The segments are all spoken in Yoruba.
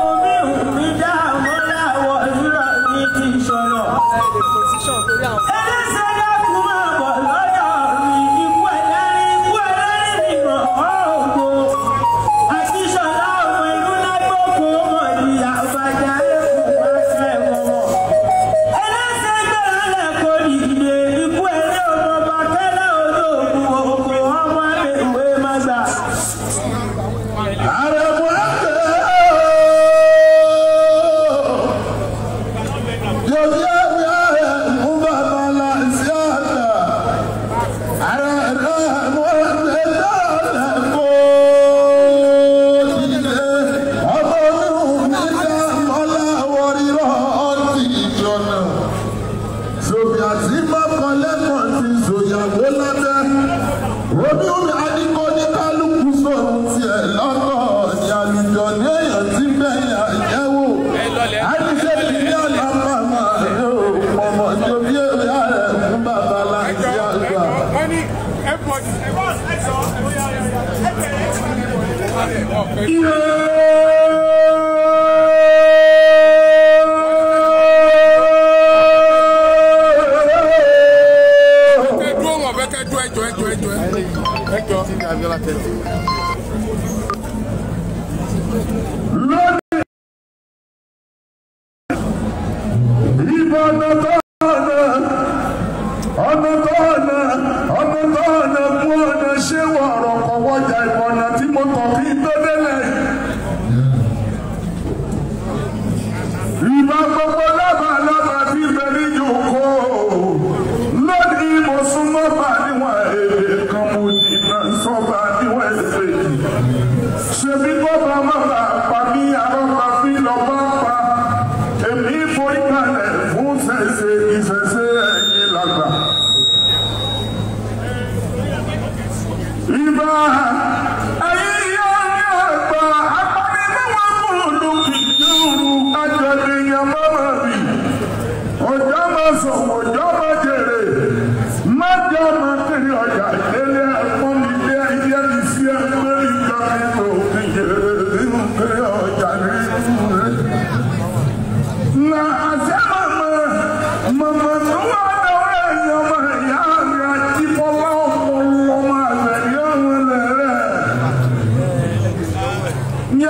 omi ò ní dá àmọ́ láwọ̀ ìrọ̀ onírúurú adíkọ́ ní kálukú nye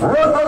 Вот он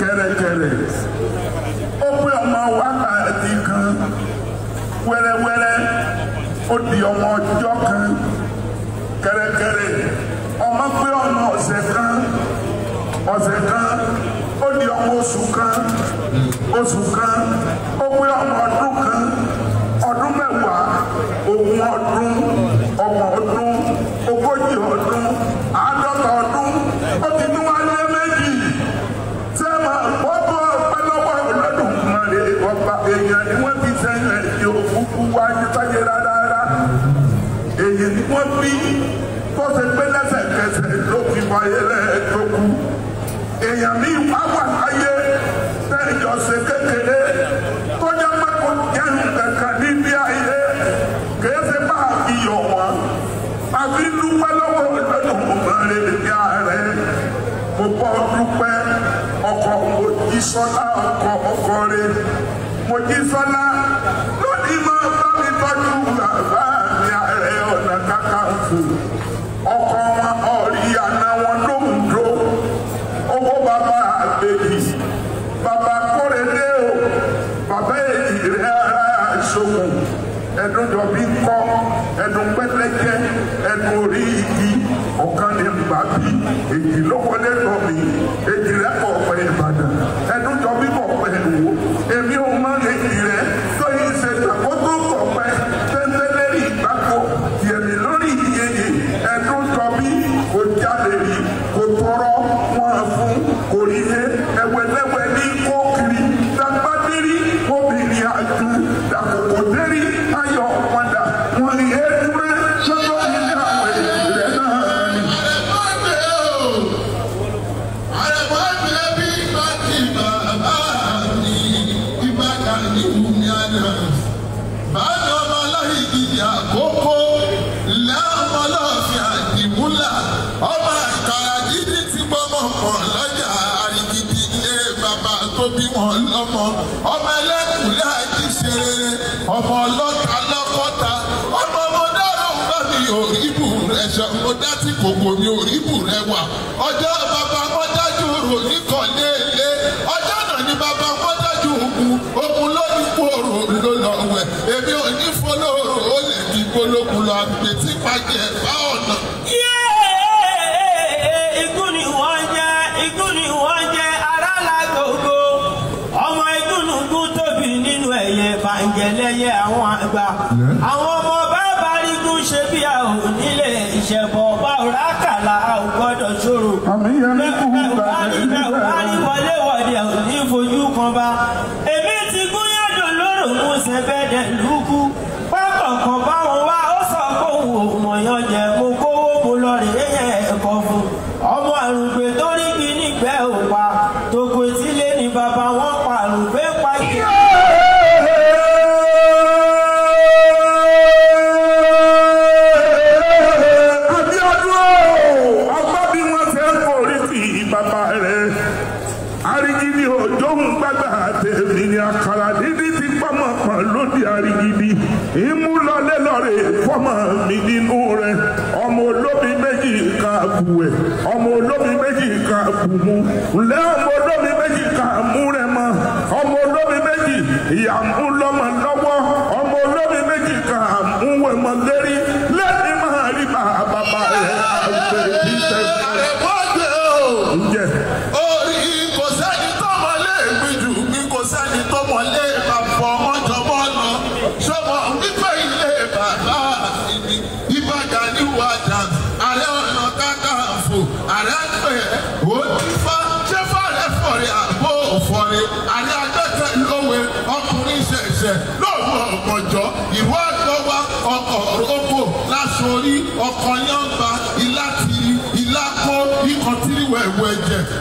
kẹ́rẹ́kẹ́rẹ́ ó pé ọmọ wákàtí kan wẹ́rẹ́wẹ́rẹ́ ó di ọmọ ọjọ́ kan kẹ́rẹ́kẹ́rẹ́ ọmọ pé ọmọ ọ̀sẹ̀ kan ọ̀sẹ̀ kan ó di ọmọ oṣù kan oṣù kan. wọ́n bí tó ṣe pé lẹ́sẹ̀kẹsẹ̀ ló fi wáyé lẹ́ẹ̀ẹ́dó èèyàn mi wá wà láyé tẹ́jọ ṣe kékeré tó jẹ́ pé kò níbi ayé kìí bá iyọ̀ wọn àfi dúpẹ́ lọ́wọ́ lọ́dún mọ̀mọ́rin níbi ààrẹ mo bọ́ dúpẹ́ ọkọ̀ mo jí sọ́lá ọkọ̀ ọkọ̀ rẹ̀ mo bá mi tọ́jú rà. ọjọ́ tí kòkòrò oríbù rẹ wà ọjọ́ bàbá wọn dájú rò níkan léèlé ọjọ́ náà ni bàbá wọn dájú òkun òkun ló ní kòrò ló lọ wẹ̀ èmi ò ní fọlọ́rọ̀ ó lè di gbólógun lọ àgbè pàjẹ́ bá ọ̀nà. igun ni wọ́n jẹ́ over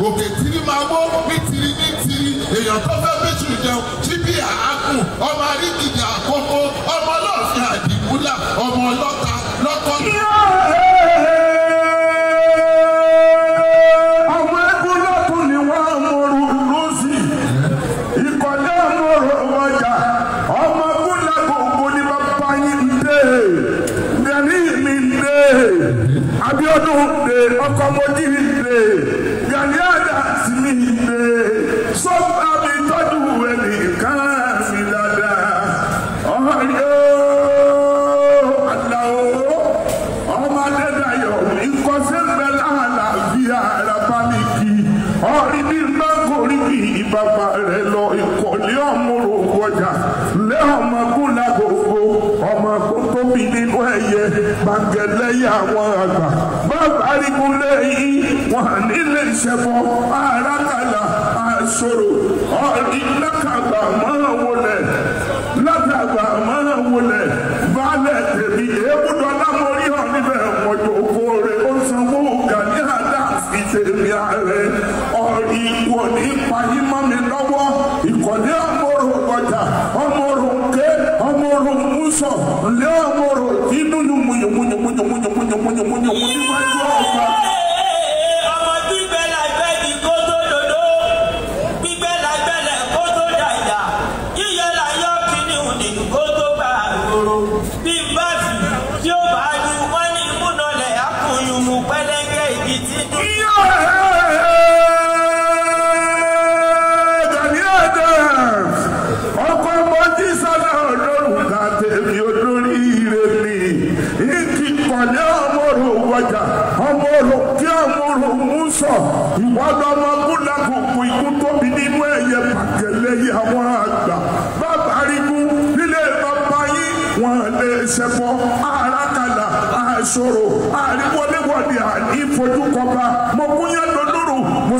òkè tìrì máa wó ní tìrì ní tìrì èèyàn tó fẹ́ bẹ́sù jẹun tí bí àákùn ọ wọn nílé ìṣẹ̀bọ arákàlà àṣòro ìlàkàgbà máa wọlé látàgbà máa wọlé balẹ̀ tèmi èébúdọ̀ lámọ̀rí hàn níbẹ̀ mọ̀jọ̀ òkòrè ó sanwó gani adams ìtẹ̀mí ààrẹ ọ̀rí wọ̀ ní payí mọ́ mi lọ́wọ́ ìkọ̀lẹ́ ọmọ òrùn ọjà ọmọ òrùn ké ọmọ òrùn músọ̀ lé ọmọ.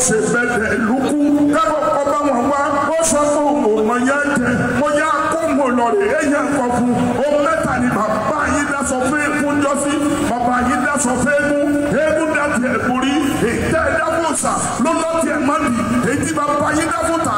ṣe bẹ̀rẹ̀ lukú kábọ̀ kọ́ bá wọn wá ó sọ pé òun mọ̀ yá jẹ mo yá kó mo lọ rè é yẹn kọ fún òun mẹ́ta ni bàbá yìí dá sọ fún eégún jọ́sí bàbá yìí dá sọ fún eégún eégún dá tiẹ̀ borí ètò ẹ̀dá fòsà lọ́lọ́ tiẹ̀ má bì èyí bàbá yìí dá fòta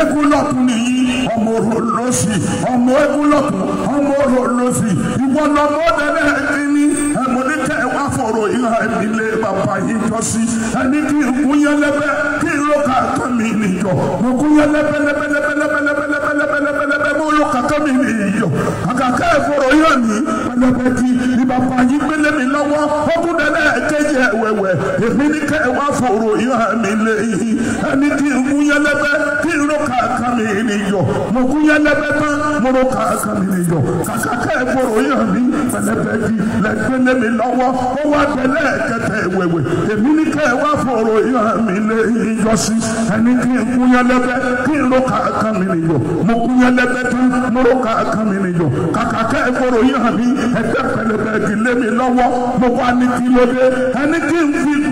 eégún lọ́tún nìyí ọmọ orò lọ́sì ọmọ eégún lọ́tún ọmọ orò lọ́sì ìwọ lọmọ dẹrẹ ẹni ní ẹmọdé tẹ wá fọ̀rọ̀ ìhà ìdílé bàbá yìí tọ́ sí ẹni kí ìkúnyẹ lẹ́bẹ̀ kí ìlọ́kà tán mi nìjọ ìkúnyẹ lẹ́bẹ̀ lẹ́bẹ̀ lẹ́bẹ̀ lẹ́bẹ̀ lẹ́bẹ̀ lẹ́bẹ̀ lẹ́bẹ̀ lẹ́bẹ̀ mọ́ ìlọ́kà tán mi nìjọ àkàkà ìfọ̀rọ̀ yà mí pẹlẹbẹ ti ìbàbà yìí gbélé mi lọ́wọ́ ọkùnrin náà ẹ̀jẹ̀ yẹ wẹ̀wẹ̀ èmi ní kẹ́ ẹ wá fọ̀rọ̀ ìhà mi lé mi ni yọ mo kú yẹn lẹ́bẹ̀ tán mo ro kàkà mi ni yọ kàkà kẹ́ ẹ gbòòrò yàn mí pẹ̀lẹ́pẹ̀ di lẹ́gbẹ̀lẹ́ mi lọ́wọ́ ó wá tẹ̀lé kẹtẹ̀ wẹ̀wẹ̀ èmi ní kẹ́ ẹ wá fòrò yàn mí lé yíyọ sí ẹni kí n kú yẹn lẹ́bẹ̀ kí n ro kàkà mi ni yọ mo kú yẹn lẹ́bẹ̀ tán mo ro kàkà mi ni yọ kàkà kẹ́ ẹ gbòòrò yàn mí ẹgbẹ́ pẹ̀lẹ́pẹ̀ di lé mi lọ́wọ́ mo wá kí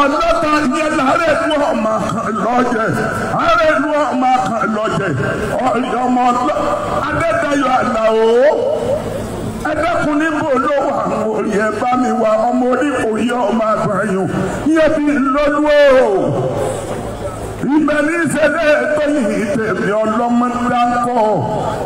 ọlọ́ta yẹn lárẹ̀ ló ọmọ kan lọ́jẹ̀ lárẹ̀ ló ọmọ kan lọ́jẹ̀ ọmọ adẹ́dayọ̀ àlàó ẹ̀dẹ́kun níbo ló wà orí ẹ̀ bá mi wà ọmọ oníkò yẹ ọmọ àgbáyùn yẹ bí lọ́lọ́ ibẹ̀ ní ìṣẹ̀lẹ̀ tó yìí tèmi ọlọ́mọ dáńkọ́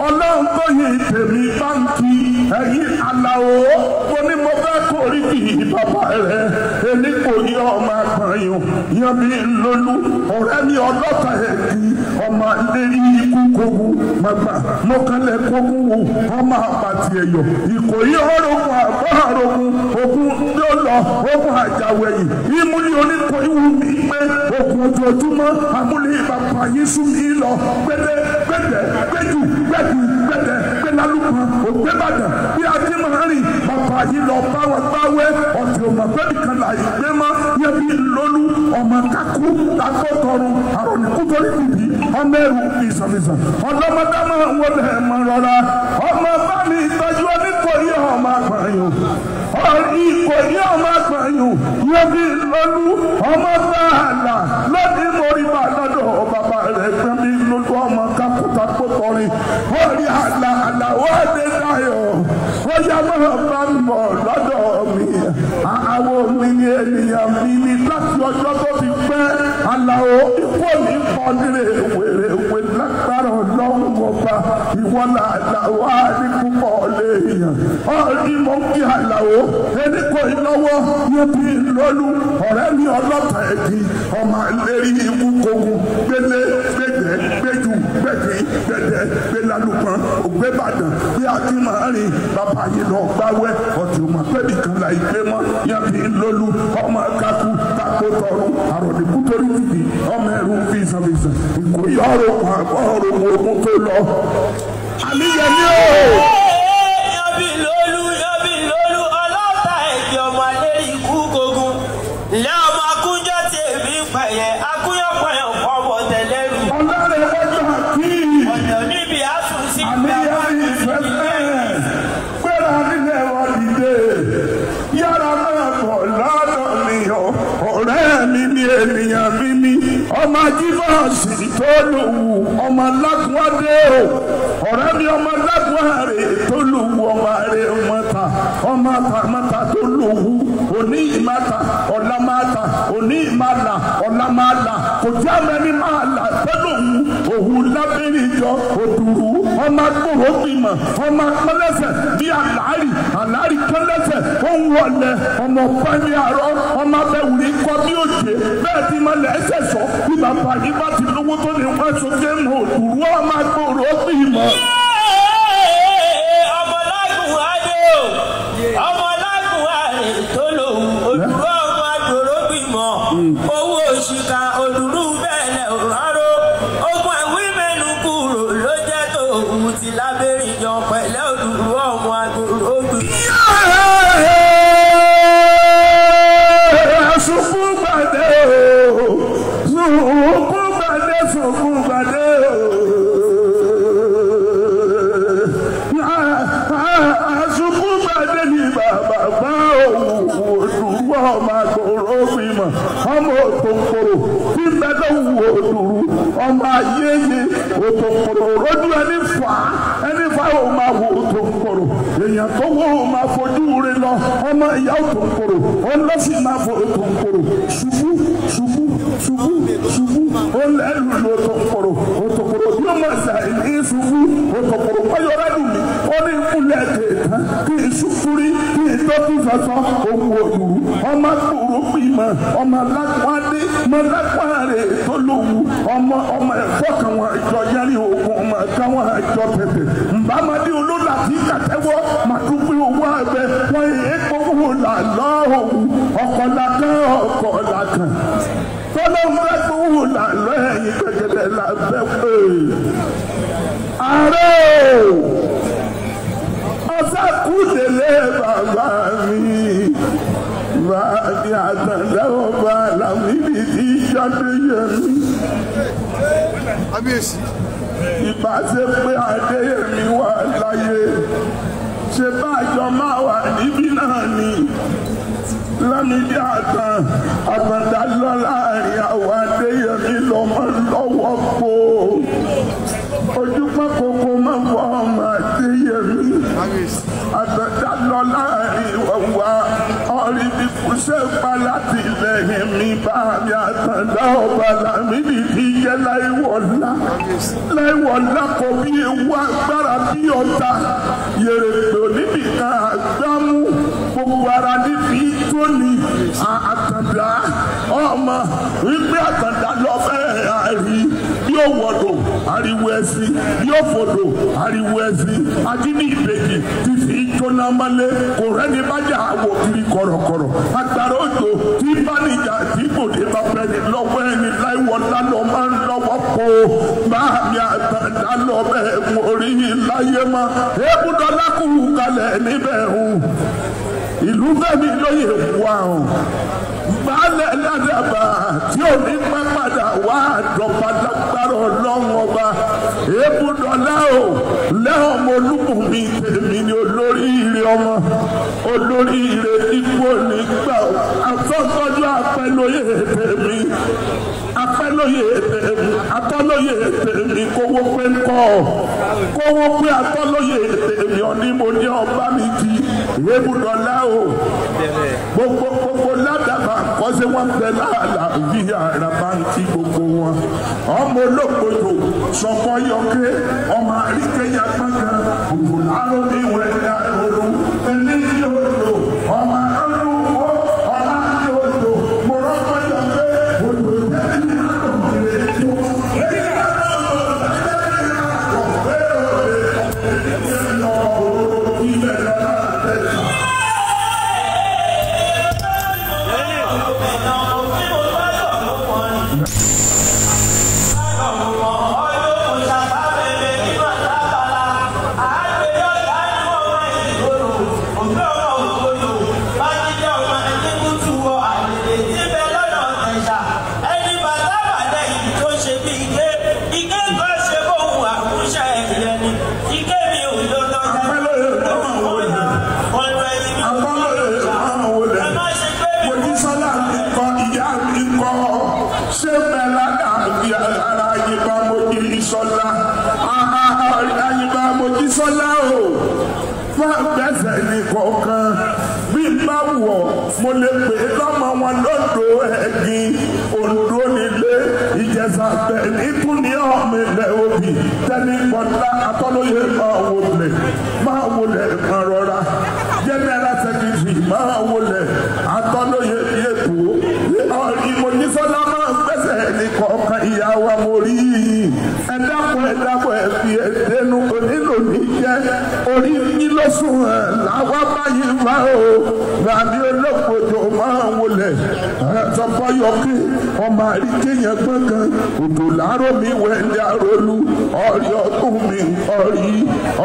ọlọ́run tó yìí tèmi báńkì ẹ̀yìn àlàó. gbogbo ni mo fẹ́ kórí kì í bàbá rẹ̀ elégbòye ọmọ akọrin yan mi lólu ọ̀rẹ́ mi ọlọ́ta ẹ̀kí ọmọ lérí ikú kogu màgbà mọ́kànlẹ̀ kogu wò ọmọ àpàtì ẹ̀yọ̀ ìkòyí ọ̀rọ̀gùn àbọ̀ àrògùn ogun yóò lọ ogun àjàwẹ̀yìn ìmúlẹ̀ oníkòyí ogun ojoojúmọ́ amúlẹ̀ bàbá gbẹ̀dẹ̀ gbẹ̀dù gbẹ̀dù gbẹ̀dẹ̀ gbẹ̀lálùkù ògbẹ́bàdàn bí adé máa rìn bàbá yìí lọ báwọ̀ báwẹ̀ ọ̀sẹ̀ ọ̀mọ̀ bẹ́ẹ̀ kan là yìí gbé yẹ bí lólu ọmọ kakú lakọ́tọ̀run àròní kútorí bìbí ọmọ ẹrù ìsànìsàn ọlọ́mọdámọ wọlé ẹ̀mọ rọra ọmọ bá mi tọ́jú ọ nítorí ọmọ àgbàyàn ikọ̀ ní ọmọ àgbàyàn yẹ bí lólu ọmọ bá àlà lọ́dún mọ́rí bá ọba ta kó kọrin wọ́n rí àlà àlà wọ́n dé láyọ̀ wọ́n yá máa bá ń bọ̀ mi àwọn mi ni ènìyàn mi ni láti ọjọ́ tó fi pẹ́ àlàó ìfọ̀ ní kọ́nire wèrè wè lágbára ọlọ́run ọba ìwọ làlà wà ní púpọ̀ lẹ́yìn ọ̀rí mọ́ kí àlàó ẹni kò lọ́wọ́ níbi lọ́lú ọ̀rẹ́ mi ọlọ́pàá ẹ̀dín ọmọ àlérí ikú kogun gbélé gbẹ̀dí gbẹ̀dẹ̀ gbé lálùpọ̀n bí a bàbá yìí lọ gbáwẹ́ ọ̀tí pẹ́bì kan là yìí gbé mọ́ yẹn fi ń lólu ọmọ kakú tako tọrùn àròdìkú torí tìbí ọmọ ẹrú fi ìsànfìsàn ìkòyí ọrùn àbọ̀ ọrùn ogun tó lọ. àníyàn ni ó. sì tó lù wù ọmọ alágún adé o ọ̀rẹ́ mi ọmọ alágún àrè tó lù wù ọmọ àrè mọ́ta ọmọ àtàmọ́ta tó lù wù òní ìmáta ọ̀la òní ìmála ọ̀la kò jẹ́ àmẹ́ni máa là tó lù wù òhun lábẹ́rẹ́ ìjọ òdùrú ọmọ agbóhó bímọ ọmọ akọlẹsẹ bíi àlárì àlárì kọlẹsẹ òun wọlé ọmọ pẹlú àrọ ọmọ abẹwùrí kọ bí òjé bẹ́ẹ̀ ti máa lẹ ẹsẹ sọ bí bàbá yìí bá ti lówó tó lè wá sókè mọ òdùrú ọmọ agbóhó bímọ. ọmọ ayé yìí òtòkòrò rojú ẹni fà á ẹni fà á ò máa wo òtòkòrò èèyàn tó wọ́ ò máa fojú rẹ lọ ọmọ ìyá òtòkòrò ọlọ́sì máa fọ òtòkòrò ṣubú ṣubú ṣubú ṣubú ó lẹ́nu lu òtòkòrò òtòkòrò yóò máa ṣà ní ṣubú òtòkòrò ọyọ̀rẹ́ dùn mí ó ní ìkúlẹ̀ tèèkán kí ìṣúkúrí kí ìtọ́jú sọ̀tọ̀ òun òdùrú ọmọ kúrú bímọ ọmọ lágbára mọlápàrẹ tọlọwù ọmọ ọmọ ẹfọ kan wọn àjọ yẹrí ogun ọmọ kan wọn àjọ tètè nbàmàdé olólà tí kàtẹwọ màdúgbò owó abẹ wọn èé gbowó là lọ́hùn ọkọlákan ọkọlákan tọlọwù bẹ gbowó là lọ́hìn gbẹgẹdẹ là bẹ pé ààrẹ ọsàkúndélé bàbá mi bàbá mi àtàndá Adéyẹmí. Kábíyèsí. Ìbá ṣe pé Adéyẹmí wà láyé. Ṣé bájọ máa wà níbí náà ni? Lámídé àtàn àtàndálọ́lá. ṣe pa láti lẹ́yìn mi bá mi àtàndá ọba làmì nìdí jẹ́ láìwọ̀lá láìwọ̀lá kọ bí ewu agbára bí ọ̀tá yèrèpè oníbìkan àgbámú gbogbo ara níbi tó ní àtàndá ọmọ wípé àtàndá lọ́fẹ̀ẹ́ àrí yóò wọ̀dọ̀. ariwo ezi yóòfòdò ariwo ezi ajínigbèjì ti fi jónámálé kò rẹ́ni bájà wò kiri kọ̀rọ̀kọ̀rọ̀ agbára òjò tí bánijà tí gbòde bá bẹ̀rẹ̀ lọ́wọ́ ẹni láìwọ̀ lálọ́ máa ń lọ́wọ́ kó báàmì àtàdá lọ bẹ́ẹ̀ láyé má ebúdọ́lá kù kalẹ̀ níbẹ̀ hù ìlú fẹ́mi lóye wà hàn. gbálẹ̀ ládàbà tí o ní pẹ́ padà wá àdọ̀pá lágbára ọlọ́run ọba o lẹ́hàn mo mi tèmi ni olórí ire ọmọ olórí ire ipò nígbà àtọ́tọ́jú apẹ́lóye tèmi apẹ́lóye tèmi tèmi kówó pé kówó pé tèmi ní ọba mi o gbogbo gbogbo ládàá. wọ́n ṣe wọ́n bẹ láàlà yí ara bá ń ti gbogbo wọn. ọmọ olókojò sọ̀kọ́ yọké ọmọ àríkẹ́yà gbọ́ngàn òkùnrin arọ́ mi wẹ̀ ikú ni ọmọ ilẹ̀ òbí tẹ́ni kọ́ńtà akọ́lóye máa wọlé máa wọlé kan rọra jẹ́nẹ́rà sẹ́kìtì máa wọlé akọ́lóye yẹ̀kú ìmọ̀jísọ́lá máa ń gbẹ́sẹ̀ ní kọ̀ọ̀kan ìyá wa mo rí ẹ dákun ẹ dákun ẹ fi ẹdẹnu onílò ní jẹ orí yín ló sùn ẹ làwọn báyìí wá o bàbí olóògbé fọyọkẹ ọmọ àríkẹyìn gbọngàn òdò làárọ mi wẹlẹ arolu ọrí ọdún mi ọrí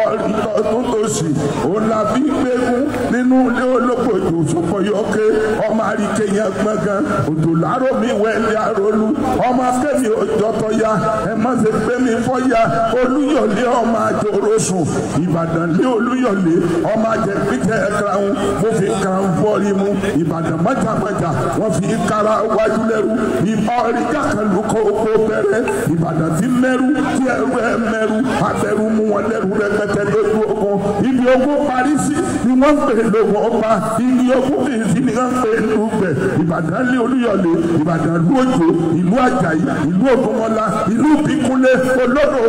ọrí ọdún tòsí òun la fi gbẹgùn nínú ilé olókojò sọfọyọkẹ ọmọ àríkẹyìn gbọngàn òdò làárọ mi wẹlẹ arolu ọmọ akẹmi òjọtọya ẹ má ṣe gbé mi fọyà olúyọlé ọmọ àjọrò sùn ìbàdàn lé olúyọlé ọmọ àjẹpítẹ ẹkẹrẹ àwọn mo fi kàn fọrí mu ìbàdàn mọjàmọjà wọn fi kára ara wájú lẹ́rú ìbá orí kákàlù kó kó bẹ̀rẹ̀ ìbàdàn ti mẹ́rú tí ẹrú ẹ mẹ́rú abẹ́rú mú wọn lẹ́rú rẹpẹtẹ lójú ogun ibi ogun parí sí ni wọ́n pè lówó ọba ibi ogun kìí sí ni wọ́n pè lùgbẹ̀ ìbàdàn lé olúyọ̀lé ìbàdàn lú òjò ìlú àjàyí ìlú ògúnmọ́lá ìlú bíkúnlé olódò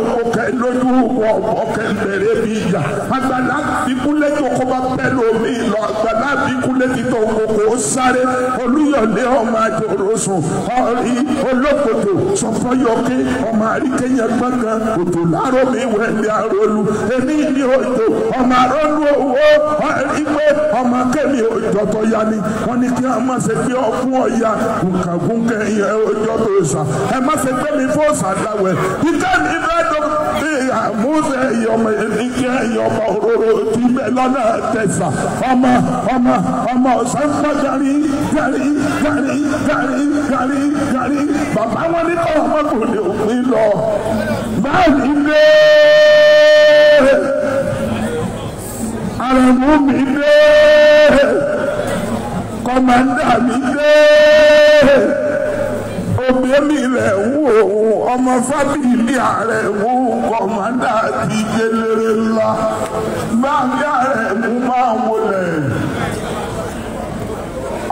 ó sáré olúyọ̀lé ọmọ àjòròsùn ọ̀rí olókòtò sọfọ́yọ̀kẹ́ ọmọ àríkẹ́yẹ gbọ̀ngàn òtò lárómi wẹ̀lẹ̀ àrólù èmi ni òjò ọmọ àrólù owó ìgbé ọmọ kẹ́mi òjò tó ni wọ́n ní kí a má ṣe gbé ọkùn ọ̀yà gùnkàgùnkẹ́ ìyẹn òjò tó sà ẹ má ṣe gbé mi fó sàdáwẹ̀ ìkẹ́ mi bẹ́ẹ̀ àmúṣe ìyọmọ ènìkẹ́ ìyọmọ òróró ti bẹ lọ́nà tẹ̀sà ọmọ ọmọ ọmọ ṣẹ́ńpọ̀ gàrí gàrí gàrí gàrí gàrí gàrí bàbá wọn ní ọmọkùnrin òpin lọ báyìí dé àrẹ̀mú mi dé kọ̀mọ̀ndà mi dé obìnrin ilẹ̀ ń wò ó ọmọ fábíyì ààrẹ mú kọ̀mọ́dà ti délére ńlá gbáǹgá rẹ̀ mú máa wọlé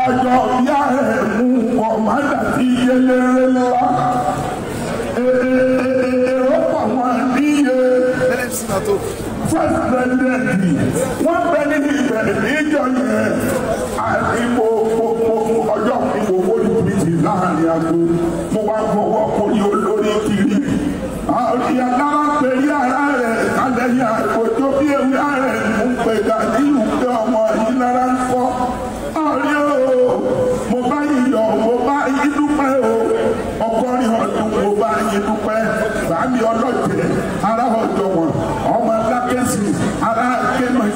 ọjọ́ ìyá rẹ̀ mú kọ̀mọ́dà ti ńlá èrò pàwọn níye first president wọ́n bẹ ní ìbẹ̀rẹ̀ níjọ yẹn àdìbò láàrin aago mo wá fọwọ́ kó ní olórí kiri àrí alára pẹ̀lú ara rẹ̀ kálẹ̀ ní àkójọ bí ewì ara.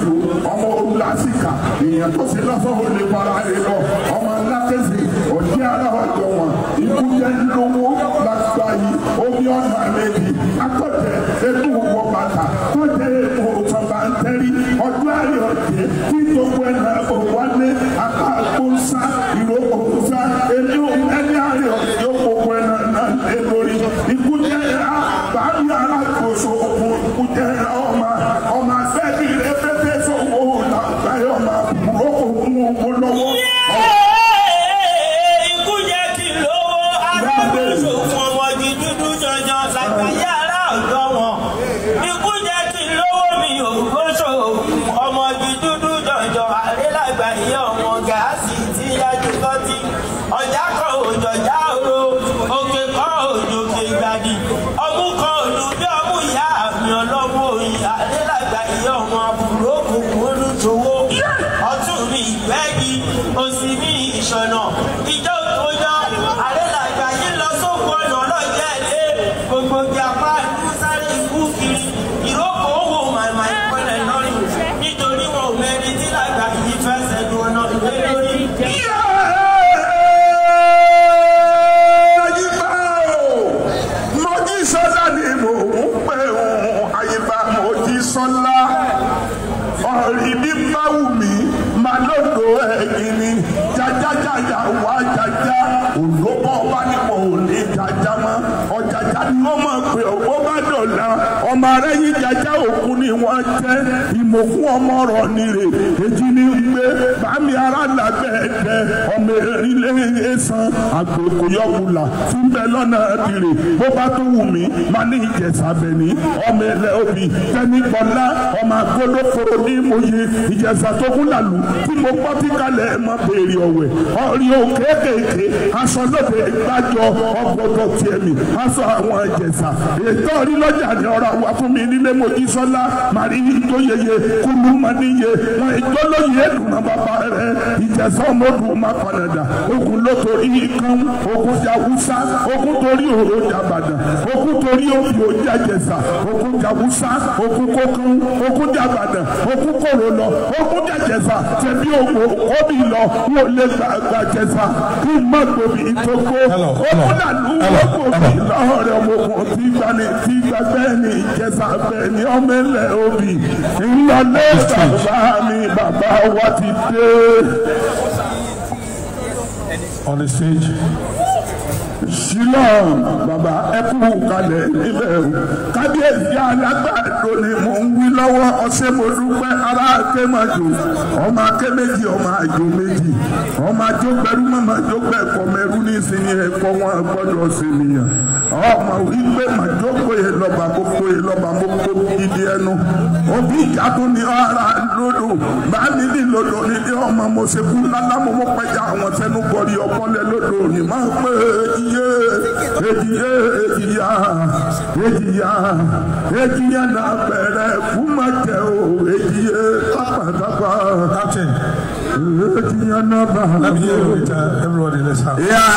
jù ọmọ olùlásìkà èèyàn tó ṣe lọ́sọ̀ ó lè para rẹ̀ lọ ọmọ alákẹ́sì òní aláwọ̀jọ wọn ikú jẹ́ lówó lágbá yìí omi ọ̀nà àlejì akọ̀tẹ̀ ètò òwò bàtà tọ́jẹ́ ètò bàbá ń tẹ́rí ọdún àrè ọ̀jẹ́ tí gbogbo ẹ̀nà òwálé akáàkóńsá ìrókòkóńsá ẹni ẹni àrè ọ̀jẹ́ yóò gbogbo ẹ̀nà náà lé lórí ikú jẹ́ àbámi alákòóso òkú ikú jẹ́ Daddy. yín jajá òkú wọ́n jẹ́ ìmọ̀kún ọmọ ọ̀rọ̀ nire èjì ní gbé bàmí ara làgbẹ̀ẹ́dẹ ọmọ ìrìlẹ̀ ẹ̀sán àgbèkò yọkùlà tí ń bẹ lọ́nà ìrè bó bá tó wù mí má ní ìjẹ̀sà bẹ̀ni ọmọ ẹ̀rẹ̀ òbí tẹ́ni gbọ́lá ọmọ agolóforo ní ìmòye ìjẹ̀sà tó kún làlù tí mo gbọ́ tí kalẹ̀ ẹ̀ mọ́ béèrè ọ̀wẹ̀ ọ̀rìn òkè kéèké aṣọ lóde ìgbàjọ ọgbọ́dọ̀ tiẹ̀ mi aṣọ àwọn ìjẹ̀sà ètò orí lọ́jà ni ọ̀rọ̀ àwa fún nílé mojísọ́lá màríyí tó yeye kúlú mọ́níye wọn ìjọ lóye ẹ̀dùnmọ́ bàbá rẹ̀ ìjẹ̀sán mọ́dún má padà ogun ló torí ikán ogun jawúsá ogun torí òrò jàbàdàn ogun torí òbí òjàjẹsà ogun jawúsá ogun kókún ogun jàbàdàn ogun kòrò lọ ogun jàjẹsà tẹ̀bí ogun òbí lọ wọn ò lè gbàgbà jẹsà kí n má gbòbí ìtókó ogun làlú wọn gbòbí lọ́rẹ̀ ọmọ ogun tí gbani tí gbàgbẹ́ ni bẹ́ẹ̀ ni ọmọ ẹlẹ́ òbí ńlá lẹ́sà bá bàbá wa ti dé. On the stage. sílọ̀n bàbá ẹkú kalẹ̀ níbẹ̀ o kábíyèsí alágbàdo ni mò ń wí lọ́wọ́ ọ̀sẹ̀ mo dúpẹ́ ará akémàjò ọmọ akéméjì ọmọ àjò méjì ọmọ àjọgbẹ́rú mọ̀mọ́ àjọgbẹ́kọ̀ mẹ́rú ní ìsinmi ẹ̀kọ́ wọn gbọ́dọ̀ sènìyàn ọmọ wípé gidi ẹnu òbí ni lódò bá nílì nílé ọmọ àwọn sẹ́nu ní ejiye ejiye ejiya ejiya ejiya na bẹrẹ kuma tẹ o ejiye pápákápá. ejiya na bàa. Yeah.